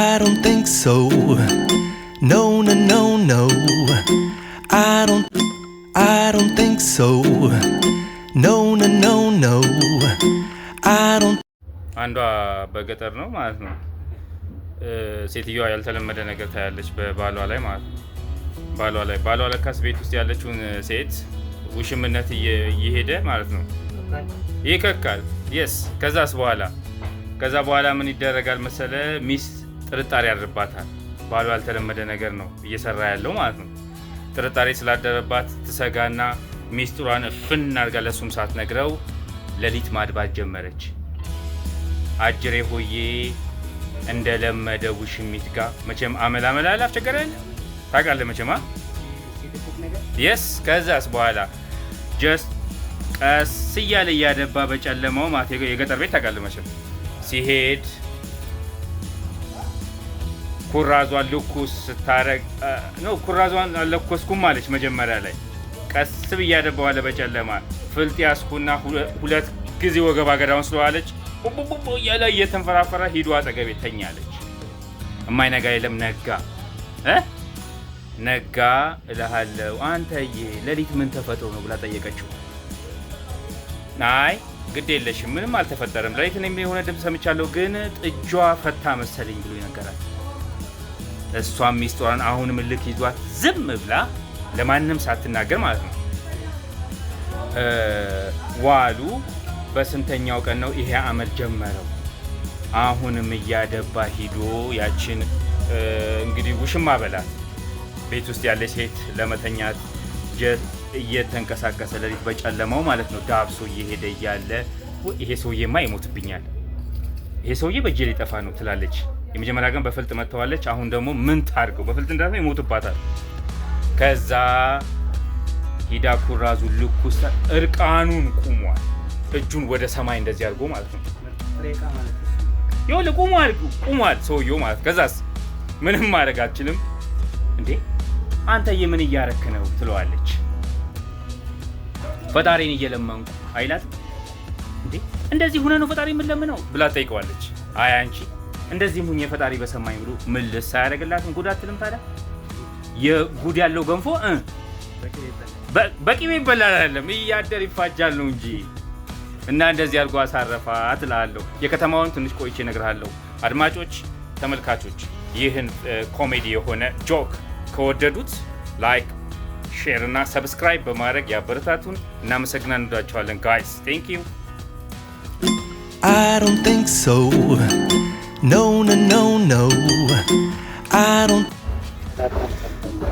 I don't think so. No, no, no, no. I don't, I don't think so. No, no, no, no. I don't. አንዷ በገጠር ነው ማለት ነው። ሴትዮዋ ያልተለመደ ነገር ታያለች በባሏ ላይ ማለት ነው። ባሏ ላይ ባሏ ለካስ ቤት ውስጥ ያለችውን ሴት ውሽምነት እየሄደ ማለት ነው ይከካል። የስ ከዛስ በኋላ ከዛ በኋላ ምን ይደረጋል መሰለ ሚስት ጥርጣሬ ያድርባታል። ባሉ ያልተለመደ ነገር ነው እየሰራ ያለው ማለት ነው። ጥርጣሬ ስላደረባት ትሰጋና ሚስጥሯን እፍን አድርጋ ለሱም ሳትነግረው ሌሊት ማድባት ጀመረች። አጅሬ ሆዬ እንደለመደ ውሽሚት ጋር መቼም አመላመላል ያለ ታውቃለህ መቼማ የስ ከዛስ በኋላ ጀስት ቀስ እያለ እያደባ በጨለማው የገጠር ቤት ታውቃለህ መቼም ሲሄድ ኩራዟን ልኩስ ስታረግ ነው። ኩራዟን አለኮስኩም አለች መጀመሪያ ላይ ቀስ ብያደ በኋላ በጨለማ ፍልጥ ያስኩና ሁለት ጊዜ ወገብ አገዳውን ስለዋለች ቡቡቡ እያለ እየተንፈራፈረ ሂዶ አጠገቤ ተኛለች። እማይ ነጋ የለም ነጋ ነጋ እልሃለሁ አንተዬ ሌሊት ምን ተፈጥሮ ነው ብላ ጠየቀችው። አይ ግድ የለሽም ምንም አልተፈጠረም ሌሊትን የሚሆነ ድምፅ ሰምቻለሁ፣ ግን ጥጇ ፈታ መሰለኝ ብሎ ይነገራል። እሷም ሚስቷን አሁንም ምልክ ይዟት ዝም ብላ ለማንም ሳትናገር ማለት ነው ዋሉ። በስንተኛው ቀን ነው ይሄ አመል ጀመረው። አሁንም እያደባ ሂዶ ያችን እንግዲህ ውሽማ በላት ቤት ውስጥ ያለች ሴት ለመተኛት እየተንቀሳቀሰ ለሊት በጨለማው ማለት ነው ዳብሶ እየሄደ እያለ ይሄ ሰውዬማ ይሞትብኛል፣ ይሄ ሰውዬ በእጄ ሊጠፋ ነው ትላለች። የመጀመሪያ ቀን በፍልጥ መጥተዋለች። አሁን ደግሞ ምን ታርገው? በፍልጥ እንዳ ይሞቱባታል። ከዛ ሂዳ ኩራዙ ልክ እርቃኑን ቁሟል። እጁን ወደ ሰማይ እንደዚህ አድርጎ ማለት ነው። ይኸውልህ ቁሟል፣ ቁሟል ሰውየው ማለት ከዛስ ምንም ማድረግ አልችልም። እንዴ አንተ የምን እያረክ ነው ትለዋለች። ፈጣሪን እየለመንኩ አይላትም እንዴ እንደዚህ ሁነ ነው ፈጣሪ የምንለምነው ብላ ትጠይቀዋለች። አይ አንቺ እንደዚህም ሁኜ ፈጣሪ በሰማኝ ብሎ ምልስ አያደርግላትም። ጉድ አትልም ታዲያ? የጉድ ያለው ገንፎ በቂ ይበላል አይደለም፣ እያደር ይፋጃል ነው እንጂ እና እንደዚህ አድርጎ አሳረፋት እላለሁ። የከተማውን ትንሽ ቆይቼ እነግርሃለሁ። አድማጮች፣ ተመልካቾች ይህን ኮሜዲ የሆነ ጆክ ከወደዱት ላይክ፣ ሼር እና ሰብስክራይብ በማድረግ ያበረታቱን። እናመሰግናን እንዳቸዋለን ጋይስ ቴንክ ዩ። I don't think so. No, no, no, no. I don't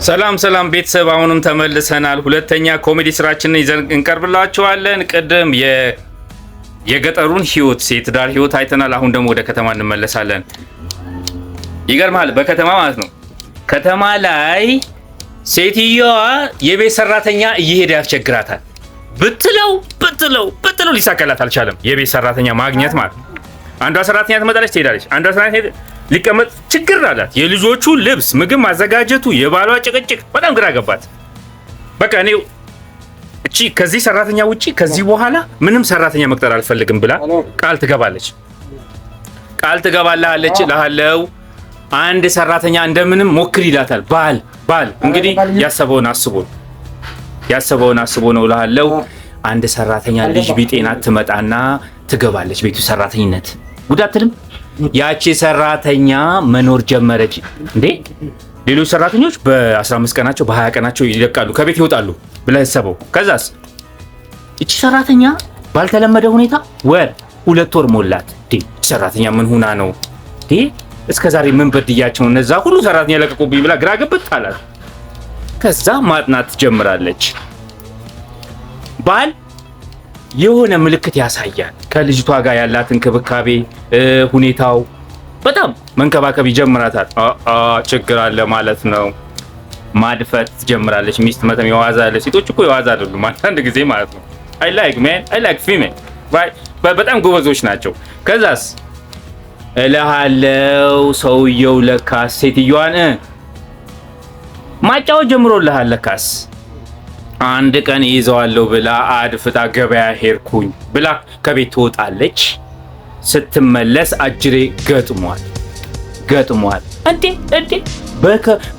ሰላም ሰላም ቤተሰብ፣ አሁንም ተመልሰናል። ሁለተኛ ኮሜዲ ስራችንን ይዘን እንቀርብላችኋለን። ቅድም የገጠሩን ህይወት የትዳር ህይወት አይተናል። አሁን ደግሞ ወደ ከተማ እንመለሳለን። ይገርማል። በከተማ ማለት ነው። ከተማ ላይ ሴትዮዋ የቤት ሰራተኛ እየሄደ ያስቸግራታል። ብትለው ብትለው ብትለው ሊሳካላት አልቻለም። የቤት ሰራተኛ ማግኘት ማለት ነው አንዷ ሰራተኛ ትመጣለች፣ ትሄዳለች። አንዷ ሰራተኛ ሊቀመጥ ችግር አላት። የልጆቹ ልብስ፣ ምግብ ማዘጋጀቱ፣ የባሏ ጭቅጭቅ በጣም ግራ ገባት። በቃ እኔ እቺ ከዚህ ሰራተኛ ውጪ ከዚህ በኋላ ምንም ሰራተኛ መቅጠር አልፈልግም ብላ ቃል ትገባለች። ቃል ትገባልሃለች ላለው አንድ ሰራተኛ እንደምንም ሞክር ይላታል። ባል ባል እንግዲህ ያሰበውን አስቦ ያሰበውን አስቦ ነው ላለው አንድ ሰራተኛ ልጅ ቢጤናት ትመጣና ትገባለች ቤቱ ሰራተኝነት ጉዳትንም ያቺ ሰራተኛ መኖር ጀመረች። እንዴ ሌሎች ሰራተኞች በ15 ቀናቸው በ20 ቀናቸው ይለቃሉ፣ ከቤት ይወጣሉ ብለህ ሰበው። ከዛስ እቺ ሰራተኛ ባልተለመደ ሁኔታ ወር ሁለት ወር ሞላት። ሰራተኛ ምን ሁና ነው እስከ ዛሬ ምን በድያቸው እነዛ ሁሉ ሰራተኛ ለቀቁብኝ ብላ ግራ ገብት አላት። ከዛ ማጥናት ትጀምራለች ባል የሆነ ምልክት ያሳያል። ከልጅቷ ጋር ያላት እንክብካቤ ሁኔታው በጣም መንከባከብ ይጀምራታል። ችግር አለ ማለት ነው። ማድፈት ጀምራለች። ሚስት መተም የዋዛ ያለ ሴቶች እኮ የዋዛ አይደሉም አንዳንድ ጊዜ ማለት ነው። አይ ላይክ ሜን አይ ላይክ ፊሜን በጣም ጎበዞች ናቸው። ከዛስ እልሃለው ሰውየው ለካስ ሴትዮዋን ማጫወት ጀምሮልሃል ለካስ አንድ ቀን ይዘዋለሁ ብላ አድፍጣ ገበያ ሄድኩኝ ብላ ከቤት ትወጣለች። ስትመለስ አጅሬ ገጥሟል ገጥሟል። እንዴ እንዴ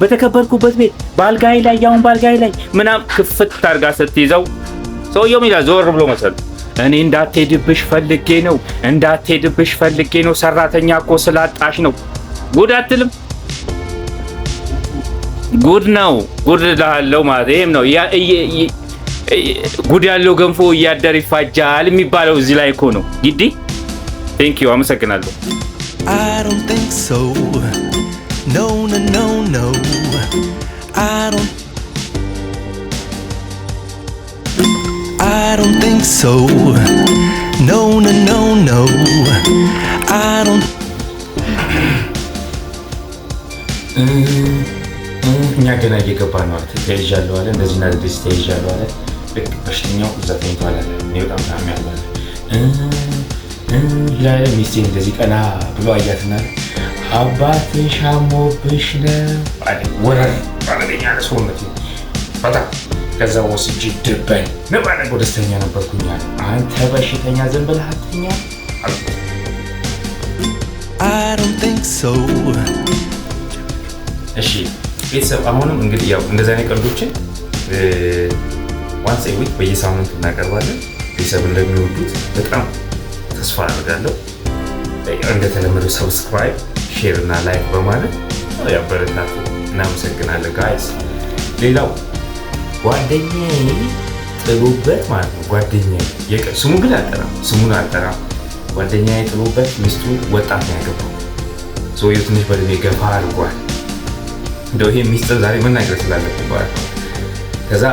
በተከበርኩበት ቤት ባልጋይ ላይ ያሁን ባልጋይ ላይ ምናም ክፍት ታርጋ ስትይዘው ሰውየው ሚላ ዞር ብሎ መሰል እኔ እንዳትሄድብሽ ፈልጌ ነው እንዳትሄድብሽ ፈልጌ ነው ሰራተኛ እኮ ስላጣሽ ነው ጉድ አትልም ጉድ ነው ጉድ ላለው ማለት ይሄም ነው ጉድ ያለው ገንፎ እያደር ይፋጃል የሚባለው እዚህ ላይ እኮ ነው። ግዲ ቴንክ ዩ አመሰግናለሁ። I ገና እየገባ ነው አለ ተያይዣለሁ አለ እንደዚህ ና ደስ ተያይዣለሁ አለ። ልክ በሽተኛው እዛ ተኝቷል አለ። እኔ በጣም ታም ያለ ይላለ ሚስቴ እንደዚህ ቀና ብሎ አያትና አባትሽ አሞብሽ ነው ወረር ባለገኛ ለ ሰውነት በጣም ከዛ ወስጅ ድበኝ ነባነ ደስተኛ ነበርኩኛ አንተ በሽተኛ ዝም ብለህ አትኛ እሺ ቤተሰብ አሁንም እንግዲህ ያው እንደዚህ አይነት ቀልዶችን ዋንስ ዊክ በየሳምንቱ እናቀርባለን። ቤተሰብ እንደሚወዱት በጣም ተስፋ አድርጋለሁ። እንደተለመደው ሰብስክራይብ፣ ሼር እና ላይክ በማለት ያበረታቱ። እናመሰግናለን ጋይስ። ሌላው ጓደኛዬ ጥሎበት ማለት ነው። ጓደኛዬ ስሙ ግን አልጠራም፣ ስሙን አልጠራም። ጓደኛዬ ጥሎበት ሚስቱን ወጣት ነው ያገባው። ሰውየው ትንሽ በእድሜ ገፋ አድርጓል። እንደው ይሄ ሚስጥር ዛሬ መናገር ስላለብኝ ማለት ነው። ከዛ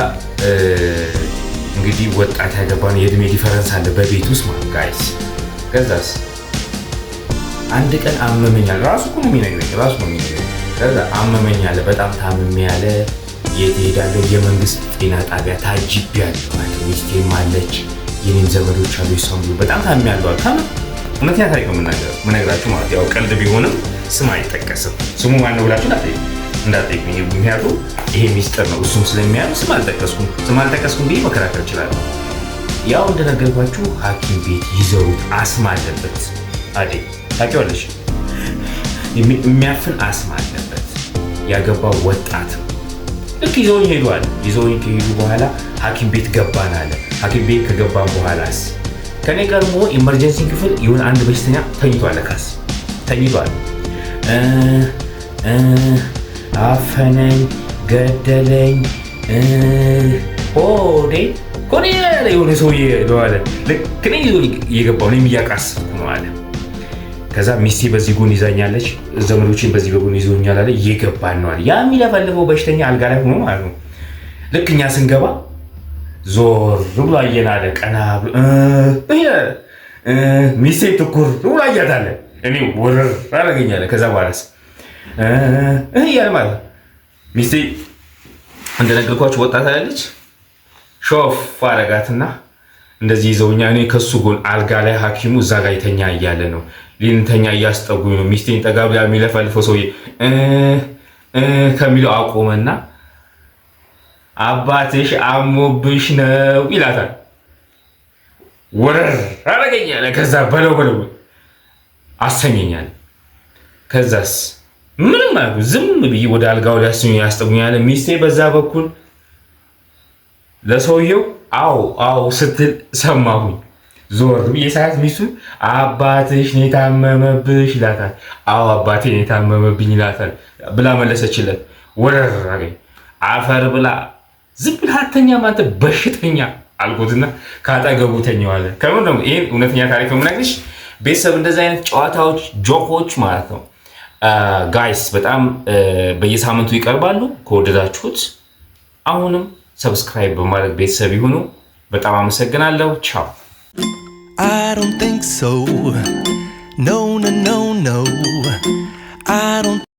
እንግዲህ ወጣት ያገባን የእድሜ ዲፈረንስ አለ በቤት ውስጥ ማለት ጋይስ። ከዛስ አንድ ቀን አመመኛል ራሱ እኮ ነው የሚነግረኝ ራሱ ነው የሚነግረኝ። ከዛ አመመኝ በጣም ታምሜ ያለ የት እሄዳለሁ? የመንግስት ጤና ጣቢያ ታጅቢ አለ። ሚስቴም አለች የኔም ዘመዶች አሉ ይሰሙ በጣም ታምሜ ያለዋል። ከም ታም እውነተኛ ታሪክ ነው የምነግራችሁ ማለት ያው ቀልድ ቢሆንም ስም አይጠቀስም። ስሙ ማነው ብላችሁ እንዳጠይቁኝ። ምክንያቱም ይሄ ሚስጥር ነው። እሱም ስለሚያዩ ስም አልጠቀስኩም ስም አልጠቀስኩም ብዬ መከራከር ይችላል። ያው እንደነገርኳችሁ ሐኪም ቤት ይዘሩት አስማ አለበት። አዴ ታውቂዋለሽ፣ የሚያፍን አስማ አለበት። ያገባ ወጣት ልክ ይዘውኝ ሄዷል። ይዘውኝ ከሄዱ በኋላ ሐኪም ቤት ገባን አለ። ሐኪም ቤት ከገባን በኋላስ ከኔ ቀድሞ ኢመርጀንሲ ክፍል ይሁን አንድ በሽተኛ ተኝቷል። ተኝቷል አፈነኝ፣ ገደለኝ ኦዴ ኮኔ ያለ የሆነ ሰውዬ ለዋለ ልክ እኔ እየገባሁ እኔም እያቃሰብኩ ነው አለ። ከዛ ሚስቴ በዚህ ጎን ይዛኛለች፣ ዘመዶችን በዚህ በጎን ይዞኛል አለ። እየገባን ነው አለ። ያ የሚለፈልፈው በሽተኛ አልጋ ላይ ሆኖ ማለት ነው። ልክ እኛ ስንገባ ዞር ብሎ አየን አለ። ቀና ሚስቴ ትኩር ብሎ አያት አለ። እኔ ወረር አረገኛለ። ከዛ በኋላስ እያለ ማለት ሚስቴ እንደነገርኳችሁ ወጣ ታያለች። ሾፍ አረጋትና እንደዚህ ይዘውኛ። እኔ ከሱ ጎን አልጋ ላይ ሐኪሙ እዛ ጋር ይተኛ እያለ ነው ሊንተኛ እያስጠጉኝ ነው። ሚስቴን ጠጋ ብላ የሚለፈልፈው ሰውዬ ከሚለው አቆመና አባትሽ አሞብሽ ነው ይላታል። ወረር አረገኛለ። ከዛ በለው በለው አሰኘኛል። ከዛስ ምንም አያውቁ። ዝም ብዬ ወደ አልጋው ሊያስኙ ያስጠጉኛል። ሚስቴ በዛ በኩል ለሰውየው አዎ አዎ ስትል ሰማሁኝ። ዞር ብዬ ሳያት ሚስቱን አባትሽ ነው የታመመብሽ ይላታል። አዎ አባቴ ነው የታመመብኝ ይላታል ብላ መለሰችለት። ወረር አፈር ብላ ዝም ብላ አተኛ ማንተ በሽተኛ አልኩትና ካጠገቡ ተኛዋለ። ከምን ነው ይህን እውነተኛ ታሪክ የምናግርሽ ቤተሰብ እንደዚህ አይነት ጨዋታዎች ጆኮች ማለት ነው ጋይስ በጣም በየሳምንቱ ይቀርባሉ። ከወደዳችሁት አሁንም ሰብስክራይብ በማድረግ ቤተሰብ ይሁኑ። በጣም አመሰግናለሁ። ቻው። I don't think so. No, no, no, no. I don't